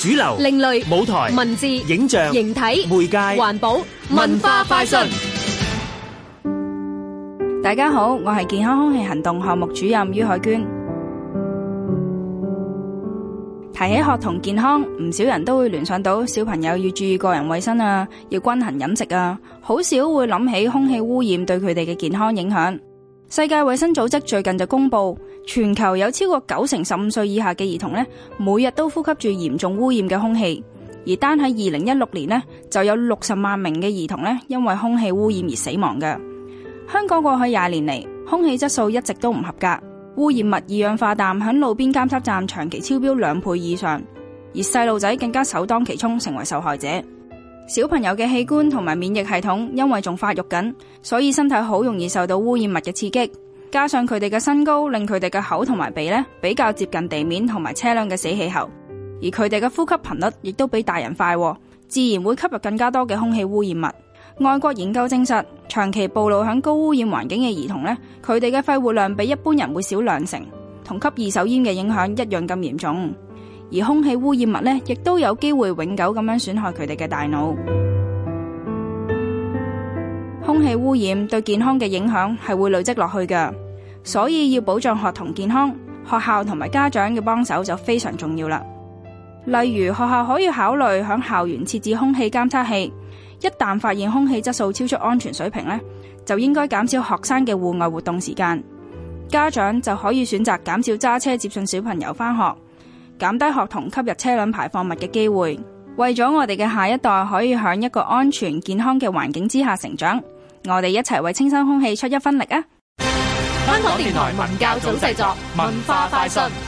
主流、另類舞台、文字、影像、形體、媒介、環保、文化快訊。大家好，我係健康空氣行動項目主任于海娟。提起學童健康，唔少人都會聯想到小朋友要注意個人衛生啊，要均衡飲食啊，好少會諗起空氣污染對佢哋嘅健康影響。世界衛生組織最近就公布，全球有超過九成十五歲以下嘅兒童呢，每日都呼吸住嚴重污染嘅空氣。而單喺二零一六年呢，就有六十萬名嘅兒童呢因為空氣污染而死亡嘅。香港過去廿年嚟，空氣質素一直都唔合格，污染物二氧化氮喺路邊監測站長期超標兩倍以上，而細路仔更加首當其衝，成為受害者。小朋友嘅器官同埋免疫系統因為仲發育緊，所以身體好容易受到污染物嘅刺激。加上佢哋嘅身高令佢哋嘅口同埋鼻咧比較接近地面同埋車輛嘅死氣喉，而佢哋嘅呼吸頻率亦都比大人快，自然會吸入更加多嘅空氣污染物。外國研究證實，長期暴露響高污染環境嘅兒童咧，佢哋嘅肺活量比一般人會少兩成，同吸二手煙嘅影響一樣咁嚴重。而空氣污染物呢，亦都有機會永久咁樣損害佢哋嘅大腦。空氣污染對健康嘅影響係會累積落去嘅，所以要保障學童健康，學校同埋家長嘅幫手就非常重要啦。例如學校可以考慮響校園設置空氣監測器，一旦發現空氣質素超出安全水平呢，就應該減少學生嘅戶外活動時間。家長就可以選擇減少揸車接送小朋友返學。減低學童吸入車輛排放物嘅機會，為咗我哋嘅下一代可以響一個安全健康嘅環境之下成長，我哋一齊為清新空氣出一分力啊！香港電台文教組製作，文化快訊。